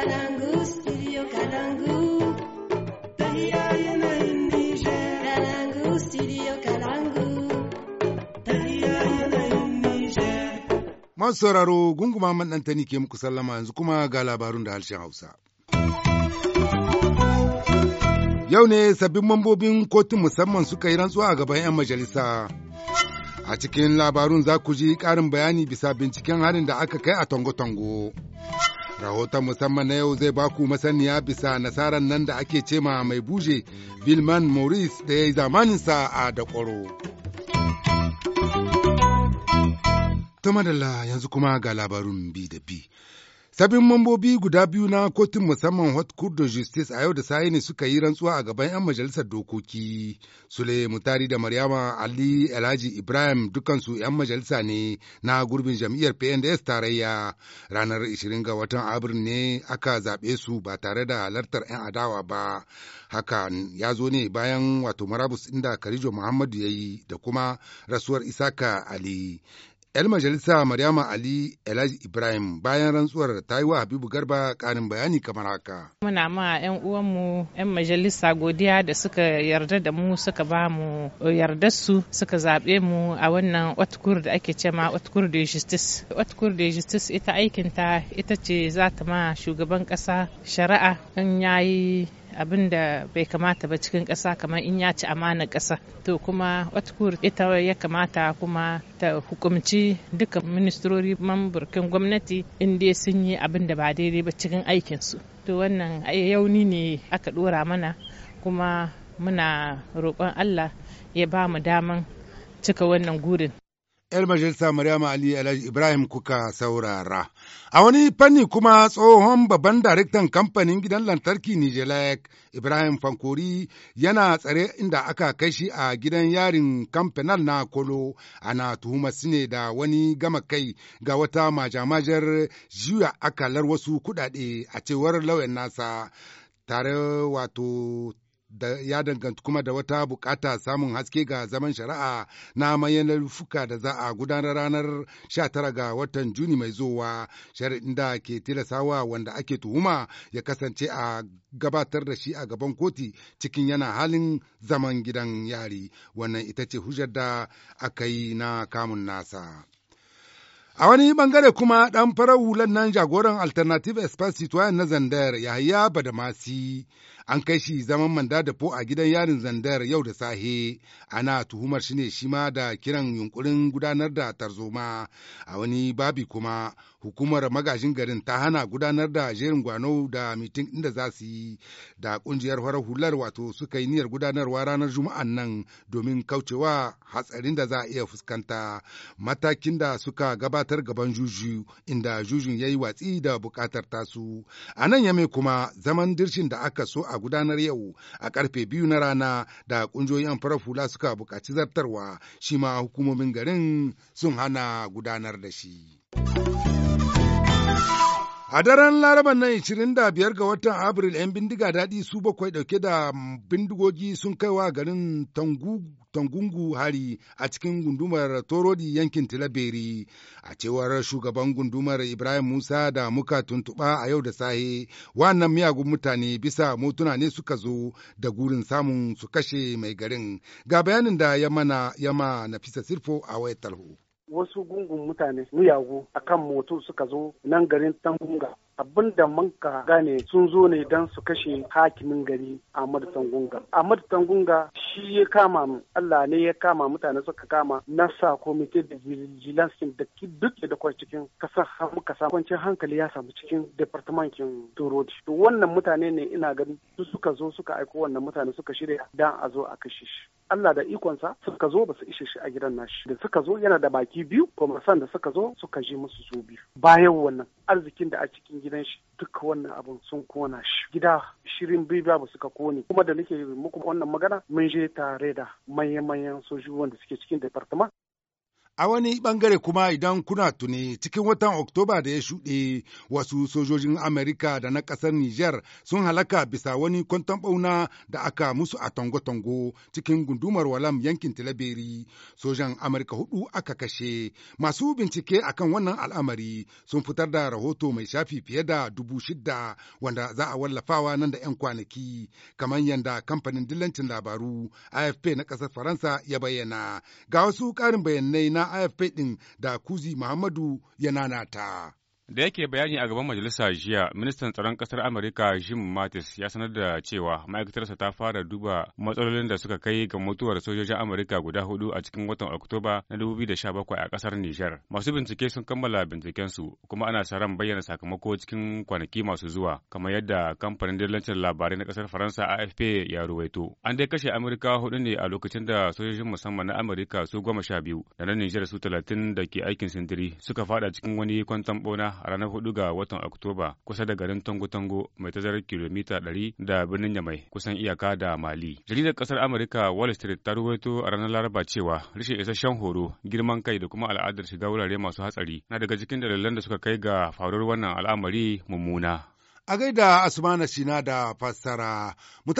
Kalangu, Masu sauraro gunguma maɗantani ke muku sallama yanzu kuma ga labarun da harshen Hausa. Yau ne sabbin mambobin kotun musamman suka yi rantsuwa a gaban 'yan majalisa. A cikin labarun za ku ji ƙarin bayani bisa binciken harin da aka kai a Tongo-Tongo. rahoton musamman na yau zai baku masaniya bisa nasarar nan da ake cema mai buje vilman maurice da ya yi zamaninsa a dakwaro ta madalla yanzu kuma ga labarun bi da bi Tabin mambobi guda biyu na kotun musamman Hot Court de Justice a yau da sa'i ne suka yi rantsuwa a gaban 'yan majalisar dokoki. Sule Mutari da Maryama Ali Elaji Ibrahim dukansu 'yan majalisa ne na gurbin jam'iyyar PNDS tarayya. Ranar 20 ga watan Abril ne aka zaɓe su ba tare da halartar 'yan adawa ba. Haka ya zo ne bayan wato marabus inda Karijo Muhammadu ya yi da kuma rasuwar Isaka Ali. 'yar majalisa Maryama Ali Elijah Ibrahim bayan rantsuwar ta yi wa Habibu Garba karin bayani kamar haka. Muna ma 'yan uwanmu 'yan majalisa godiya da suka yarda da mu suka ba mu yarda su suka zaɓe mu a wannan otkur da ake ce ma otkur de justice. Otkur de justice ita aikinta ita ce za ta ma shugaban ƙasa shari'a in yayi abin da bai kamata ba cikin ƙasa kamar in ya ci amanar ƙasa to kuma watkur ita ya kamata kuma ta hukumci duka ministrori mamburkin gwamnati in dai sun yi abin da ba daidai ba cikin aikinsu to wannan yauni ne aka ɗora mana kuma muna roƙon allah ya ba mu daman cika wannan gurin 'yar majalisa Maryama Ali Alhaji Ibrahim kuka saurara. A wani fanni kuma tsohon babban daraktan kamfanin gidan lantarki Nijelek Ibrahim Fankori yana tsare inda aka kai shi a gidan yarin kamfanin na Kolo ana tuhuma su ne da wani gama kai ga wata majamajar juya akalar wasu kuɗaɗe a cewar lauyan nasa. tare wato da ya danganta kuma da wata bukata samun haske ga zaman shari'a na mayanar fuka da za a gudanar ranar 19 ga watan Juni mai zuwa shari'in da ke tilasawa wanda ake tuhuma ya kasance a gabatar da shi a gaban koti cikin yana halin zaman gidan yari wannan ita ce hujjar da aka yi na kamun nasa. A wani bangare kuma ɗan farar hular nan jagoran Alternative Express Citoyen na Zandar Yahaya Badamasi an kai shi zaman manda da po a gidan yarin Zandar yau da sahe ana tuhumar shi ne shi ma da kiran yunkurin gudanar da tarzoma a wani babi kuma hukumar magajin garin ta hana gudanar da jerin gwano da mitin inda za su yi da kungiyar farar hular wato suka yi niyyar gudanarwa ranar juma'an nan domin kaucewa hatsarin da za a iya fuskanta matakin da suka gabata buƙatar gaban juju inda jujun ya yi watsi da buƙatar tasu. A nan ya mai kuma zaman dirshin da aka so a gudanar yau a karfe biyu na rana da ƙungiyoyin farar fula suka buƙaci zartarwa shi ma hukumomin garin sun hana gudanar da shi. A daren Laraba nan 25 ga watan Abril 'yan bindiga daɗi su bakwai ɗauke da bindigogi sun kai wa garin Tangungu hari a cikin gundumar Torodi yankin Tilaberi. A cewar shugaban gundumar Ibrahim Musa da muka tuntuɓa a yau da sahe, wannan miyagun mutane bisa motuna ne suka zo da gurin samun su kashe mai garin. Ga bayanin da ya mana yama Nafisa Sirfo a wayar talho. wasu gungun mutane miyagu akan moto suka zo nan garin tangunga abin da mun gane sun zo ne don su kashe hakimin gari gunga Tangunga. madatan gunga shi ya kama mu Allah ne ya kama mutane suka kama na sa komite da vigilance da duk da kwa cikin kasar hamu kasa kwanci hankali ya samu cikin departamentin Turodi. To wannan mutane ne ina gani su suka zo suka aiko wannan mutane suka shirya dan a zo a kashe shi. Allah da ikonsa suka zo ba su ishe shi a gidan nashi da suka zo yana da baki biyu kuma da suka zo suka je musu su biyu bayan wannan arzikin da a cikin gidan shi duk wannan abun sun kona shi gida shirin bibiya ba suka kone kuma da nake muku wannan magana mun je tare da manyan manyan sojoji wanda suke cikin departement A wani bangare kuma idan kuna tuni cikin watan Oktoba da ya shuɗe wasu sojojin Amerika da na ƙasar Nijar sun halaka bisa wani kwanton ɓauna da aka musu a tango-tango cikin gundumar walam yankin Tilaberi. Sojan Amerika hudu aka kashe. Masu bincike a kan wannan al'amari sun fitar da rahoto mai shafi fiye da dubu shida wanda za a wallafawa nan da 'yan kwanaki kamar yadda kamfanin dillancin labaru AFP na ƙasar Faransa ya bayyana. Ga wasu ƙarin bayanai na afp ɗin da kuzi muhammadu ya nanata. Da yake bayani a gaban majalisa jiya, ministan tsaron ƙasar Amurka Jim Mattis ya sanar da cewa ma'aikatarsa ta fara duba matsalolin da suka kai ga mutuwar sojojin Amurka guda hudu a cikin watan Oktoba na 2017 a kasar Nijar. Masu bincike sun kammala bincikensu kuma ana sa ran bayyana sakamako cikin kwanaki masu zuwa, kamar yadda kamfanin dillancin labarai na kasar Faransa AFP ya ruwaito. An dai kashe Amurka hudu ne a lokacin da sojojin musamman na Amurka su goma sha biyu da na Nijar su talatin da ke aikin sintiri suka fada cikin wani kwantan bona a ranar 4 ga watan Oktoba kusa da garin Tango-Tango mai tazarar kilomita 100 da birnin Yamai kusan iyaka da Mali. Jaridar kasar Amurka Wall Street ta ruwaito a ranar Laraba cewa rashin isasshen horo, girman kai da kuma al'adar shiga wurare masu hatsari na daga cikin dalilan da suka kai ga faruwar wannan al'amari mummuna. A gaida Asmana Shina da fassara, mu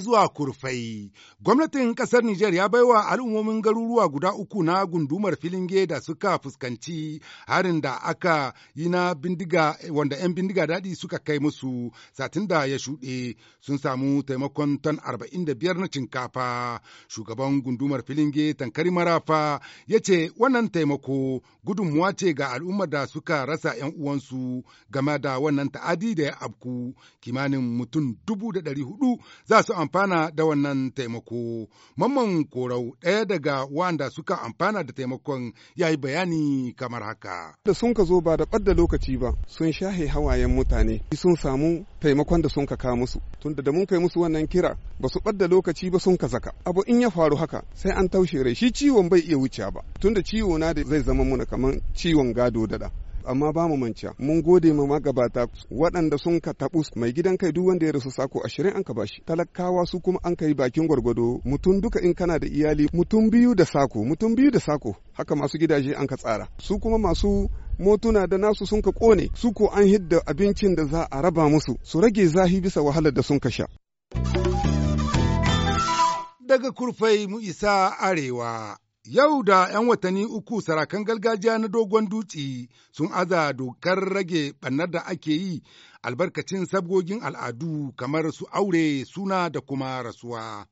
zuwa kurfai. Gwamnatin ƙasar Nijar ya baiwa al'ummomin garuruwa guda uku na gundumar filinge da suka fuskanci harin da aka yi na bindiga wanda 'yan bindiga daɗi suka kai musu satin da ya shuɗe sun samu taimakon ton arba'in da biyar na cinkafa, Shugaban gundumar filinge Tankari Marafa ya ce wannan taimako gudunmuwa ce ga al'ummar da suka rasa 'yan uwansu game da wannan ta'adi da ya ku kimanin mutum dubu da ɗari hudu za su amfana da wannan taimako. Mamman Korau ɗaya daga wanda suka amfana da taimakon ya yi bayani kamar haka. Da sun ka zo ba da ɓadda lokaci ba sun shahe hawayen mutane sun samu taimakon da sun ka ka musu tunda da mun kai musu wannan kira ba su ɓadda lokaci ba sun ka zaka abu in ya faru haka sai an taushe rai shi ciwon bai iya wuce ba tunda ciwo na da zai zama muna kamar ciwon gado da amma ba mu mun gode ma magabata waɗanda sun ka tabu mai gidan kai duk wanda ya rasu sako ashirin an ka bashi talakawa su kuma an kai bakin gwargwado mutum duka in kana da iyali mutum biyu da sako mutum biyu da sako haka masu gidaje an ka tsara su kuma masu motuna da nasu sun ka kone su ko an hidda abincin da za a raba musu su rage zahi bisa wahalar da sun ka sha daga kurfai mu isa arewa Yau da ‘yan watanni uku sarakan gargajiya na dogon dutse sun aza dokar rage ɓannar da ake yi albarkacin sabgogin al'adu kamar su aure suna da kuma rasuwa.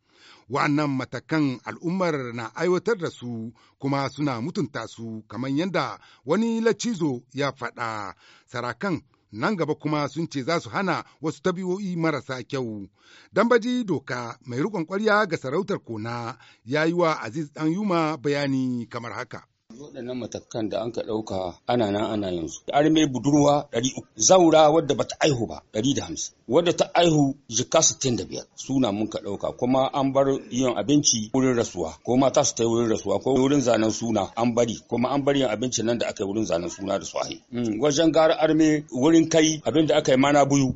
Wa'annan matakan al'ummar na aiwatar da su kuma suna mutunta su kamar yadda wani lacizo ya faɗa. Sarakan nan gaba kuma sun ce za su hana wasu tabi'o'i marasa kyau. Dambaji doka mai riƙon ƙwarya ga sarautar kona ya yi wa Aziz Yuma bayani kamar haka. waɗannan matakan da an ka ɗauka ana nan ana yanzu armai budurwa 300 zaura wadda bata aihu ba 150 wadda ta aihu jika 65 suna mun ka ɗauka kuma an bar yin abinci wurin rasuwa ko mata su ta wurin rasuwa ko wurin zanen suna an bari kuma an bar yin abinci nan da aka yi wurin zanen suna da suwahi mm, wajen gara arme wurin kai abin da aka yi mana buyu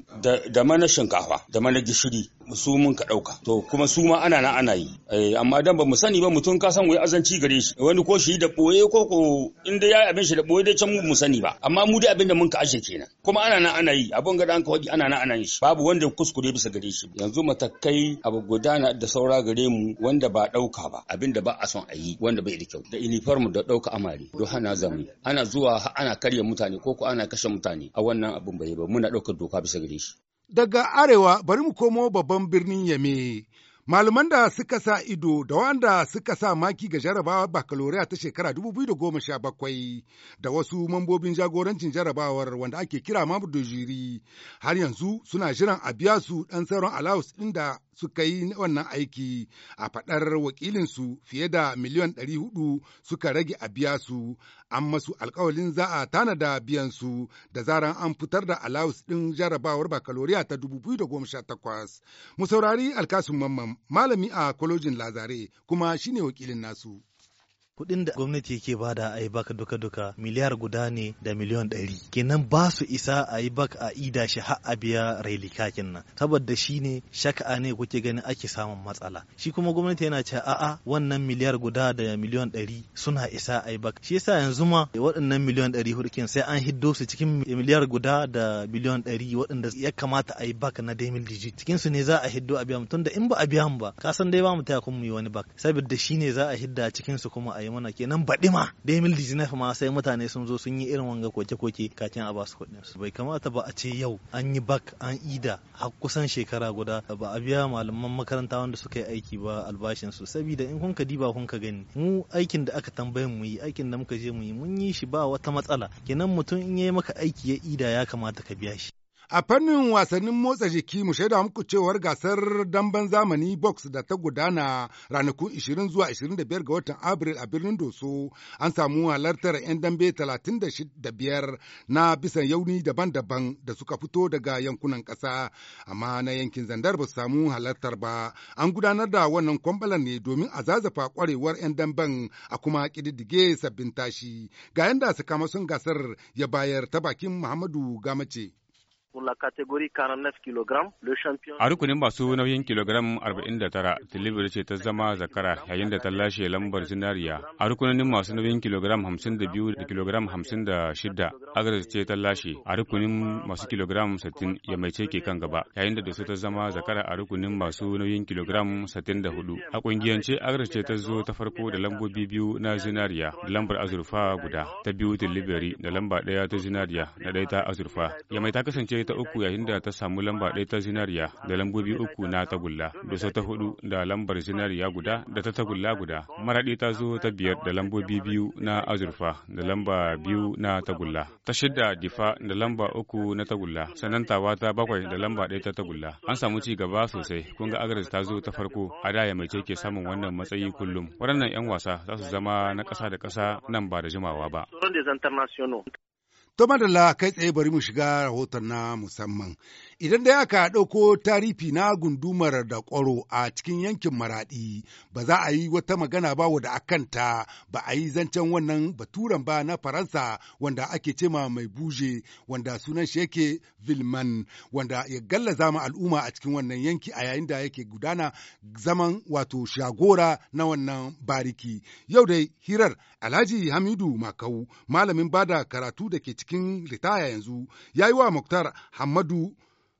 da mana shinkafa da mana gishiri su mun ka ɗauka to kuma su ma ana na ana yi eh, amma dan ba mu sani ba mutum ka san wai azanci gare shi wani ko shi da ɓoye ko ko inda ya abin shi da ɓoye dai can mu mu sani ba amma mu dai abin da mun ka ashe kenan kuma ana na ana yi abun ga dan ka waje ana na ana yi babu wanda ya kuskure bisa gare shi yanzu matakai abu na da saura gare mu wanda ba ɗauka ba abin da ba a son a yi wanda bai da kyau da uniform da ɗauka amare do hana zamu ana zuwa ana karya mutane ko ko ana kashe mutane a wannan abin bai ba muna ɗaukar doka bisa gare shi daga arewa bari mu komo babban birnin yame Malaman da suka sa ido da wanda suka sa maki ga jarabawa bakaloriya ta shekara 2017 da wasu mambobin jagorancin jarabawar wanda ake kira Mamudu jiri har yanzu suna jiran a biya su ɗan sauran allowance ɗin da suka yi wannan aiki a faɗar wakilinsu fiye da miliyan 400 suka rage a biya su an masu alkawalin za a tanada biyansu da zaran an fitar da alawus ɗin jarabawar bakaloriya ta 2018 mu saurari alkasun mamman malami a kwalojin lazare kuma shine wakilin nasu. kuɗin da gwamnati yake bada a yi baka duka-duka miliyar guda ne da miliyan ɗari kenan ba su isa a yi baka a ida shi har a biya kakin nan saboda shi ne shaka ne kuke ganin ake samun matsala shi kuma gwamnati yana cewa a'a wannan miliyar guda da miliyan ɗari suna isa a yi baka shi yasa yanzu ma waɗannan miliyan ɗari hurkin sai an hiddo su cikin miliyar guda da miliyon ɗari waɗanda ya kamata a yi baka na demil digit cikin su ne za a hiddo a biya mu tunda in ba a biya mu ba kasan san dai ba mu taya kun mu yi wani bak saboda shi ne za a hidda cikin su kuma a yi mana kenan baɗi ma da mil dizinaf ma sai mutane sun zo sun yi irin wanga koke-koke kakin a basu kuɗin su bai kamata ba a ce yau an yi bak an ida har kusan shekara guda ba a biya malaman makaranta wanda suka yi aiki ba albashin su saboda in kun ka diba kun ka gani mu aikin da aka tambaye mu yi aikin da muka je mu yi mun yi shi ba wata matsala kenan mutum in yayi maka aiki ya ida ya kamata ka biya shi A fannin wasannin motsa jiki mu shaida muku cewar gasar damben zamani box da ta gudana ranakun 20 zuwa 25 ga watan Abril a birnin Doso an samu halartar 'yan dambe 35 na bisan yauni daban-daban da suka fito daga yankunan ƙasa amma na yankin zandar ba su samu halartar ba. An gudanar da wannan kwambalar ne domin a zazafa kwarewar 'yan damben a kuma ƙididdige sabbin tashi. Ga yanda sakamakon gasar ya bayar ta bakin Muhammadu Gamace. A rukunin masu nauyin kilogram 49, Tilibir ce ta zama zakara yayin da ta lashe lambar zinariya. A rukunin masu nauyin kilogram 52 da kilogram 56, Agadez ce ta lashe. A rukunin masu kilogram 60, Yamaice ke kan gaba, yayin da Doso ta zama zakara a rukunin masu nauyin kilogram 64. A kungiyance Agadez ce ta zo ta farko da lambobi biyu na zinariya, da lambar azurfa guda, ta biyu Tilibiri da lamba ɗaya ta zinariya, na ɗaya ta azurfa. Yamai ta kasance ta uku yayin da ta samu lamba ɗaya ta zinariya da lambobi uku na tagulla dusa ta hudu da lambar zinariya guda da ta tagulla guda maraɗi ta zo ta biyar da lambobi biyu na azurfa da lamba biyu na tagulla ta shida difa da lamba uku na tagulla sannan tawa ta bakwai da lamba ɗaya ta tagulla an samu ci gaba sosai kun ga agaris ta zo ta farko a daya mai ce ke samun wannan matsayi kullum waɗannan 'yan wasa za su zama na ƙasa da ƙasa nan ba da jimawa ba To madalla kai tsaye bari mu shiga rahoton na musamman. Idan da aka ɗauko tarifi na gundumar da ƙwaro a cikin yankin maraɗi, ba za a yi wata magana ba wada a kanta ba a yi zancen wannan baturen ba na Faransa wanda ake cema mai buje wanda sunan shi yake Vilman wanda ya galla zama al'umma a cikin wannan yanki a yayin da yake gudana zaman wato shagora na wannan bariki. Yau dai hirar Alhaji Hamidu Makau, malamin bada karatu da ke cikin ritaya yanzu, ya yi wa Muktar Hamadu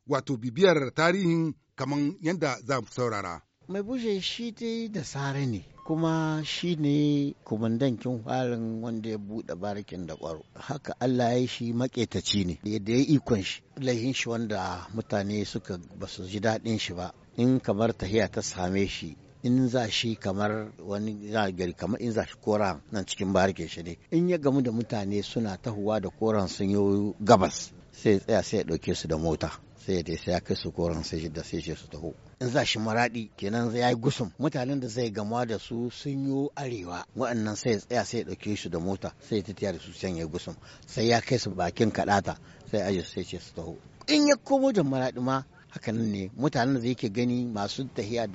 wato bibiyar tarihin kamar yadda za mu saurara. Mai bushe shi dai da sare ne, kuma shi ne kin farin wanda ya buɗe barikin da ƙwaro. Haka Allah ya shi maƙetaci ne, yadda ya ikon shi, laihin shi wanda mutane suka basu ji daɗin shi ba, in kamar tahiya ta same shi in za shi kamar wani za gari kamar in za shi koran nan cikin barke shi ne in ya gamu da mutane suna tahuwa da koran sun yi gabas sai tsaya sai ya ɗauke su da mota sai ya sai ya kai su koran sai shi da sai shi su taho in za shi maraɗi kenan ya yi gusum mutanen da zai gamuwa da su sun yi arewa waɗannan sai ya tsaya sai ya ɗauke su da mota sai ya tafiya da su can ya gusum sai ya kai su bakin kaɗata sai aje sai ce su taho in ya komo da maraɗi ma hakanan ne mutanen da ke gani masu tahiya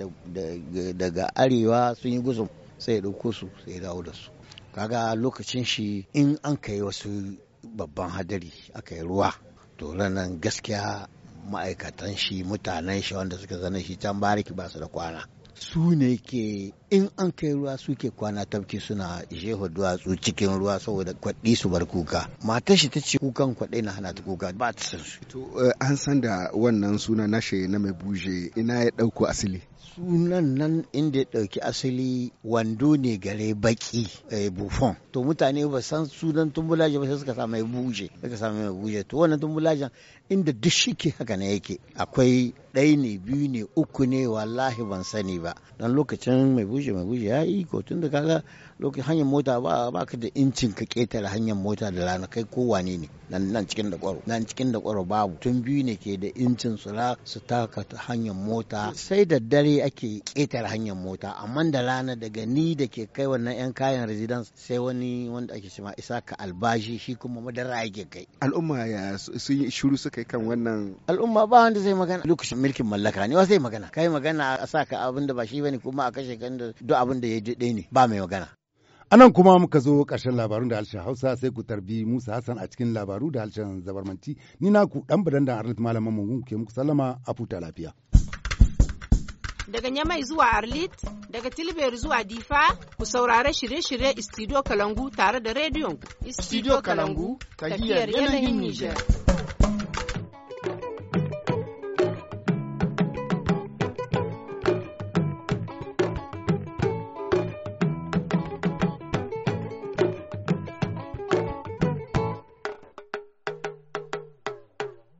daga arewa sun yi guzum sai ya ɗauko su sai ya dawo da su kaga lokacin shi in an kai wasu babban hadari aka yi ruwa to ranar gaskiya ma'aikatan shi mutanen shi wanda suka zana shi can bariki ba su da kwana su ne ke in an kai ruwa suke kwana tafki suna jeho duwatsu cikin ruwa saboda kwaɗi su bar kuka mata shi ta ce kukan kwaɗai na hana ta kuka ba ta san su. to eh, an san da wannan suna nashe na mai buje ina ya ɗauko asali. sunan nan inda ya ɗauki asali wando ne gare baki eh, buffon to mutane ba san sunan tumbulajen ba sai suka samu mai buje suka samu ya buje to wannan tumbulajen inda duk shike haka ne yake akwai ɗaya ne biyu ne uku ne wallahi ban sani ba dan lokacin mai buje mai buje ya yi ko tun da kaga lokaci hanyar mota ba ba ka da incin ka ketare hanyar mota da rana kai ko wane ne nan nan cikin da kwaro nan cikin da kwaro babu tun biyu ne ke da incin su la su taka hanyar mota sai da dare ake ketare hanyar mota amma da rana daga ni da ke kai wannan yan kayan residence sai wani wanda ake cewa ka albashi shi kuma madara yake kai al'umma ya sun yi shiru suka yi kan wannan al'umma ba wanda zai magana lokacin mulkin mallaka ne wa zai magana kai magana a sa ka abin da ba shi bane kuma a kashe kan da duk abin da ya je ne ba mai magana anan kuma muka zo ƙarshen labarun da harshen hausa sai ku tarbi musa hassan a cikin labaru da harshen zabarmanci ni na ku dan badan da arlit malaman mungun ke muku sallama a futa lafiya daga nyamai zuwa arlit daga tilber zuwa difa ku saurare shirye-shirye istidiyo kalangu tare da rediyon istidiyo kalangu tahiyar yanayin nijar